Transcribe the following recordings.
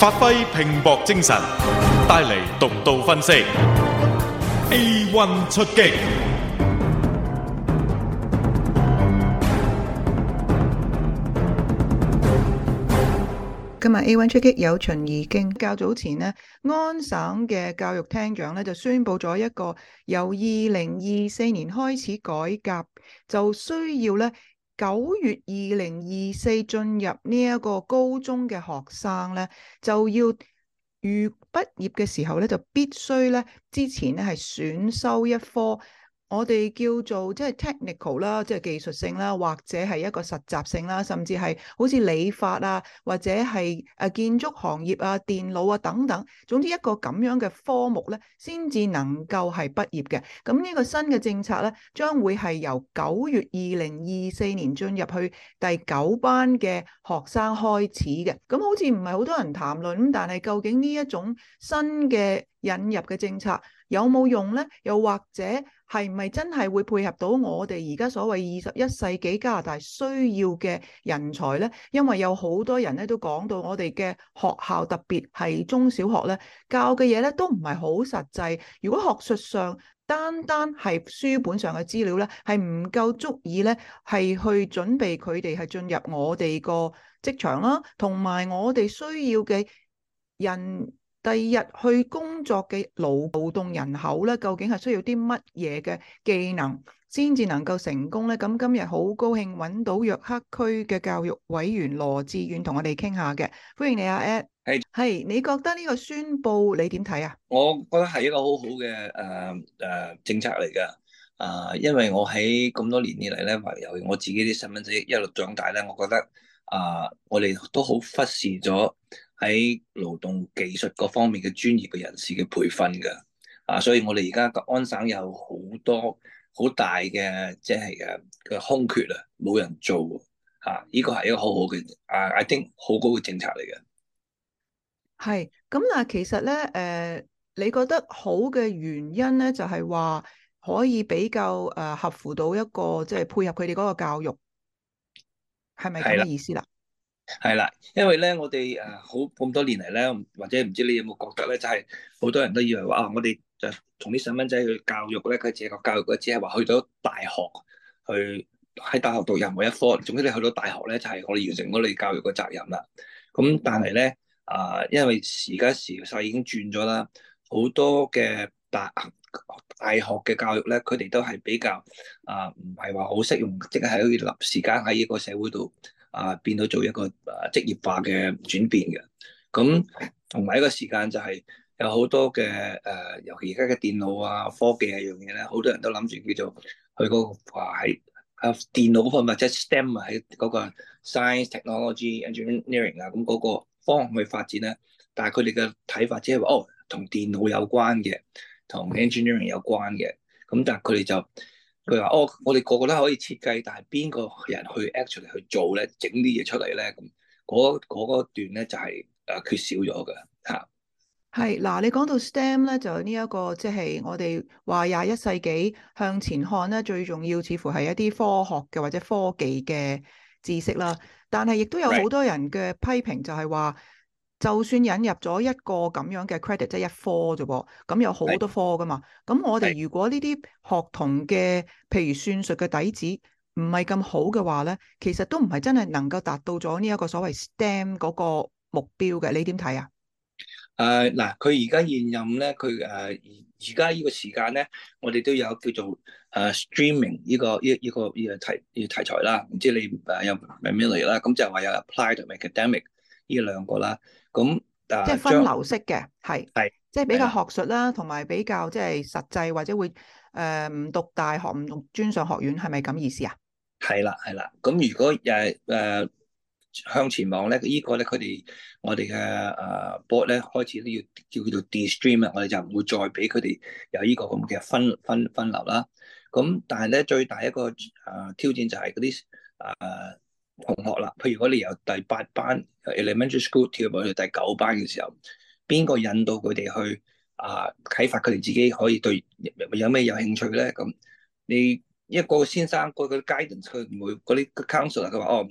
發揮拼搏精神，帶嚟獨到分析。A one 出擊，今日 A one 出擊有秦怡經。較早前咧，安省嘅教育廳長咧就宣布咗一個由二零二四年開始改革，就需要咧。九月二零二四進入呢一個高中嘅學生呢，就要如畢業嘅時候呢，就必須呢之前呢係選修一科。我哋叫做即係 technical 啦，即係技術性啦，或者係一個實習性啦，甚至係好似理髮啊，或者係誒建築行業啊、電腦啊等等，總之一個咁樣嘅科目咧，先至能夠係畢業嘅。咁呢個新嘅政策咧，將會係由九月二零二四年進入去第九班嘅學生開始嘅。咁好似唔係好多人談論，但係究竟呢一種新嘅引入嘅政策，有冇用呢？又或者係唔係真係會配合到我哋而家所謂二十一世紀加拿大需要嘅人才呢？因為有好多人咧都講到我哋嘅學校，特別係中小學咧教嘅嘢咧都唔係好實際。如果學術上單單係書本上嘅資料咧，係唔夠足以咧係去準備佢哋係進入我哋個職場啦，同埋我哋需要嘅人。第二日，日去工作嘅勞動人口咧，究竟係需要啲乜嘢嘅技能先至能夠成功咧？咁今日好高興揾到約克區嘅教育委員羅志遠同我哋傾下嘅，歡迎你啊，Ed。係係，hey, hey, 你覺得呢個宣佈你點睇啊？我覺得係一個好好嘅誒誒政策嚟㗎啊，因為我喺咁多年以嚟咧，由我自己啲細蚊仔一路長大咧，我覺得。啊！Uh, 我哋都好忽視咗喺勞動技術各方面嘅專業嘅人士嘅培訓嘅啊，uh, 所以我哋而家安省有好多好大嘅，即係嘅嘅空缺啊，冇人做嚇。呢個係一個好好嘅啊，I think 好高嘅政策嚟嘅。係咁嗱，其實咧，誒、呃，你覺得好嘅原因咧，就係、是、話可以比較誒合乎到一個即係、就是、配合佢哋嗰個教育，係咪咁嘅意思啦？係啦，因為咧，我哋誒好咁多年嚟咧，或者唔知你有冇覺得咧，就係、是、好多人都以為話、啊，我哋就同啲細蚊仔去教育咧，佢自己個教育個只係話去到大學去喺大學讀任何一科，總之你去到大學咧，就係、是、我哋完成咗你教育嘅責任啦。咁但係咧，啊、呃，因為時家時勢已經轉咗啦，好多嘅大大學嘅教育咧，佢哋都係比較啊，唔係話好適用，即係喺立時間喺呢個社會度。啊，變到做一個誒職業化嘅轉變嘅，咁同埋一個時間就係、是、有好多嘅誒、呃，尤其而家嘅電腦啊、科技啊一樣嘢咧，好多人都諗住叫做去嗰、那個話喺啊電腦嗰部分或者 STEM 啊，喺、就、嗰、是、個 science、technology、engineering 啊，咁、那、嗰個方向去發展咧。但係佢哋嘅睇法只係話哦，同電腦有關嘅，同 engineering 有關嘅，咁但係佢哋就。佢話：哦，我哋個個都可以設計，但係邊個人去 actually 去做咧，整啲嘢出嚟咧？咁嗰嗰嗰段咧就係誒缺少咗㗎嚇。係嗱，你講到 STEM 咧、這個，就呢一個即係我哋話廿一世紀向前看咧，最重要似乎係一啲科學嘅或者科技嘅知識啦。但係亦都有好多人嘅批評就，就係話。就算引入咗一個咁樣嘅 credit，即係一科啫噃，咁有好多科噶嘛。咁我哋如果呢啲學童嘅，譬如算術嘅底子唔係咁好嘅話咧，其實都唔係真係能夠達到咗呢一個所謂 STEM 嗰個目標嘅。你點睇啊？誒嗱、呃，佢而家現任咧，佢誒而家呢個時間咧，我哋都有叫做誒、呃、streaming 呢、這個呢呢、這個呢、這個這個題材啦。唔知你誒、呃就是、有明咩類啦？咁就話有 applied 同 academic。呢兩個啦，咁、嗯、即係分流式嘅，係係即係比較學術啦，同埋是的 比較即係實際或者會誒唔、呃、讀大學唔讀專上學院，係咪咁意思啊？係啦，係啦，咁如果誒誒、呃、向前望咧，這個、呢個咧佢哋我哋嘅誒 board 咧開始都要叫叫做 de-stream 啊，我哋就唔會再俾佢哋有呢個咁嘅分分分、分流啦。咁但係咧最大一個誒、呃、挑戰就係嗰啲誒同學啦，譬如如果你由第八班、班。Elementary school 跳落去第九班嘅時候，邊個引導佢哋去啊？啟發佢哋自己可以對有咩有興趣咧？咁你一個先生嗰個 guidance 佢唔會嗰啲 counselor 啊，佢話哦，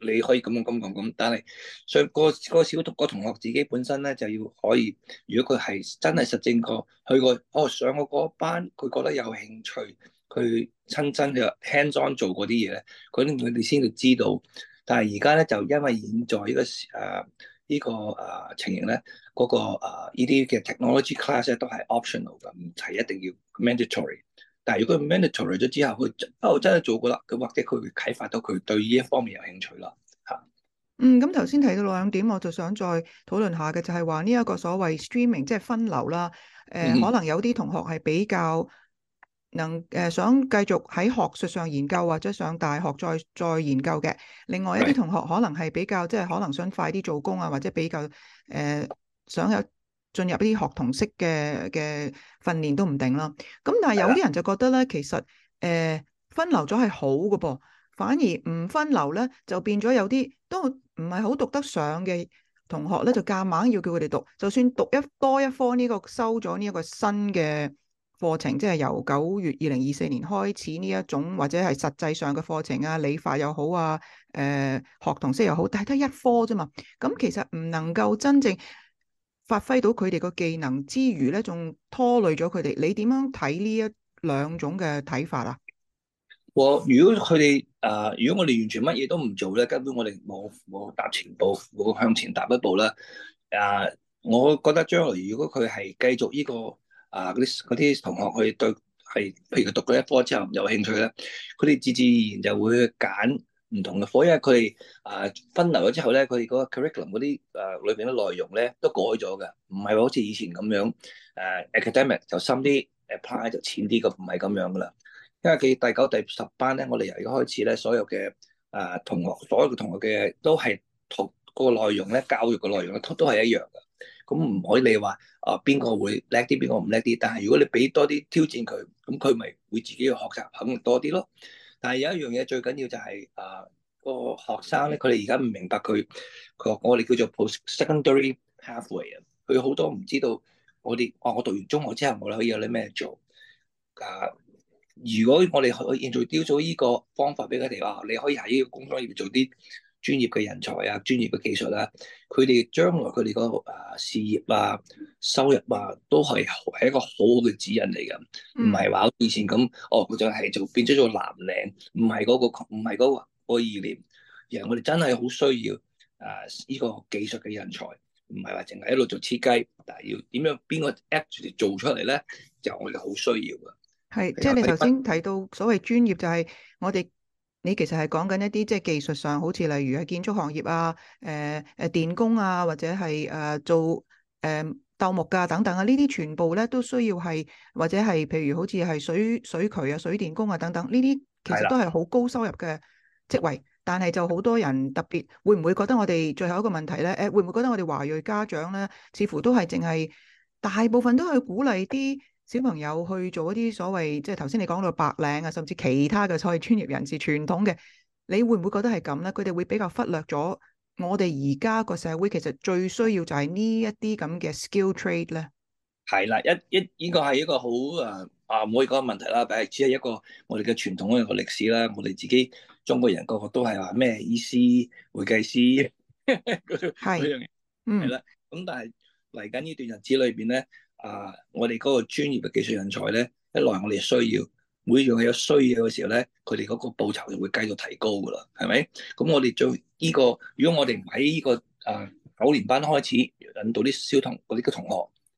你可以咁咁咁咁，但係所以個小讀、那個同學自己本身咧就要可以，如果佢係真係實證過去、哦、個哦上個嗰班，佢覺得有興趣，佢親身嘅 hands-on 做嗰啲嘢咧，佢佢哋先會知道。但係而家咧就因為現在呢、呢個誒依、啊呢個誒、呃、情形咧，嗰、嗰個呢啲嘅 technology class 都係 optional 嘅，唔係一定要 mandatory。但係如果 mandatory 咗之後，佢哦真係做過啦，佢或者佢會啟發到佢對呢一方面有興趣啦吓。嗯，咁頭先提到兩點，我就想再討論下嘅就係話呢一個所謂 streaming 即係分流啦。誒、呃，嗯、可能有啲同學係比較，能誒、呃、想繼續喺學術上研究或者上大學再再研究嘅，另外一啲同學可能係比較即係可能想快啲做工啊，或者比較誒、呃、想有進入一啲學童式嘅嘅訓練都唔定啦。咁但係有啲人就覺得咧，其實誒、呃、分流咗係好㗎噃，反而唔分流咧就變咗有啲都唔係好讀得上嘅同學咧，就夾硬要叫佢哋讀，就算讀一多一科呢、這個收咗呢一個新嘅。課程即係由九月二零二四年開始，呢一種或者係實際上嘅課程啊，理化又好啊，誒、呃、學童識又好，但係得一科啫嘛。咁其實唔能夠真正發揮到佢哋個技能之餘咧，仲拖累咗佢哋。你點樣睇呢一兩種嘅睇法啊？我如果佢哋啊，如果我哋完全乜嘢都唔做咧，根本我哋冇冇踏前步，冇向前踏一步啦。啊、呃，我覺得將來如果佢係繼續呢、這個。啊！嗰啲啲同學去對係，譬如佢讀嗰一科之後有興趣咧，佢哋自自然然就會去揀唔同嘅科，因為佢哋啊分流咗之後咧，佢哋個 curriculum 嗰啲誒裏、啊、邊嘅內容咧都改咗嘅，唔係好似以前咁樣誒、啊、academic 就深啲，apply 就淺啲咁，唔係咁樣噶啦。因為佢第九、第十班咧，我哋由而家開始咧，所有嘅誒、啊、同學，所有嘅同學嘅都係同。個內容咧，教育嘅內容咧，都都係一樣嘅。咁唔可以你話啊，邊、呃、個會叻啲，邊個唔叻啲？但係如果你俾多啲挑戰佢，咁佢咪會自己去學習肯定多啲咯。但係有一樣嘢最緊要就係、是、啊，呃那個學生咧，佢哋而家唔明白佢，佢話我我哋叫做 post-secondary halfway 啊。佢好多唔知道我哋，哇、哦！我讀完中學之後，我哋可以有啲咩做啊、呃？如果我哋去現在教咗依個方法俾佢哋話，你可以喺呢個工作入面做啲。專業嘅人才啊，專業嘅技術啊，佢哋將來佢哋個誒事業啊、收入啊，都係係一個好嘅指引嚟噶。唔係話好似以前咁，哦，就係、是、就變咗做藍領，唔係嗰個唔係嗰個、嗰個意念。而我哋真係好需要誒呢、啊這個技術嘅人才，唔係話淨係一路做設計，但係要點樣邊個 extract 做出嚟咧，就我哋好需要噶。係，即、就、係、是、你頭先提到所謂專業就，就係我哋。你其實係講緊一啲即係技術上，好似例如係建築行業啊、誒、呃、誒電工啊，或者係誒、呃、做誒鬥、呃、木噶、啊、等等啊，呢啲全部咧都需要係或者係譬如好似係水水渠啊、水電工啊等等，呢啲其實都係好高收入嘅職位，但係就好多人特別會唔會覺得我哋最後一個問題咧？誒、呃、會唔會覺得我哋華裔家長咧，似乎都係淨係大部分都係鼓勵啲小朋友去做一啲所謂，即係頭先你講到白領啊，甚至其他嘅所謂專業人士、傳統嘅，你會唔會覺得係咁咧？佢哋會比較忽略咗我哋而家個社會其實最需要就係呢一啲咁嘅 skill trade 咧。係啦，一一呢個係一個好誒啊唔可以講個問題啦，但係只係一個我哋嘅傳統嗰個歷史啦。我哋自己中國人個個都係話咩？醫師、會計師嗰樣嘢，嗯，係啦。咁但係嚟緊呢段日子裏邊咧？啊！Uh, 我哋嗰個專業嘅技術人才咧，一來我哋需要，每樣嘢有需要嘅時候咧，佢哋嗰個報酬就會繼續提高噶啦，係咪？咁我哋做呢個，如果我哋唔喺呢個啊九、uh, 年班開始等到啲小同嗰啲嘅同學，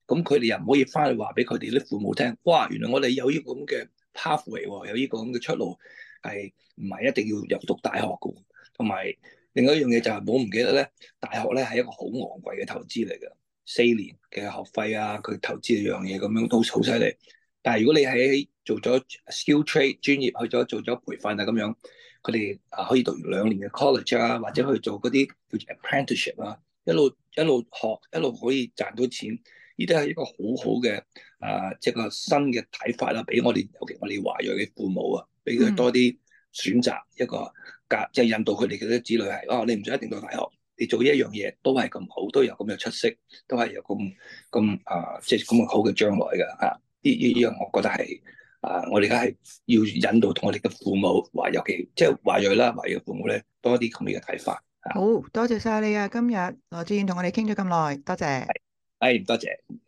咁佢哋又唔可以翻去話俾佢哋啲父母聽，哇！原來我哋有呢個咁嘅 pathway，有呢個咁嘅出路，係唔係一定要入讀大學噶？同埋另外一樣嘢就係、是，我唔記得咧，大學咧係一個好昂貴嘅投資嚟噶。四年嘅學費啊，佢投資一樣嘢咁樣都好犀利。但係如果你係做咗 skill trade 專業去，去咗做咗培訓啊咁樣，佢哋啊可以讀完兩年嘅 college 啊，或者去做嗰啲叫 apprenticeship 啊，一路一路學，一路可以賺到錢。呢啲係一個好好嘅、呃就是、啊，即係個新嘅睇法啦，俾我哋尤其我哋華裔嘅父母啊，俾佢多啲選擇一個格，即係引導佢哋嘅啲子女係，哦，你唔想一定到大學。你做一樣嘢都係咁好，都有咁嘅出色，都係有咁咁、呃即係、啊！即係咁好嘅將來㗎嚇。呢呢呢樣我覺得係啊！我哋而家係要引導同我哋嘅父母話，尤其即係華裔啦，華裔嘅父母咧，多啲咁樣嘅睇法嚇。啊、好多謝晒你啊！今日羅志遠同我哋傾咗咁耐，多謝。係、哎，多謝。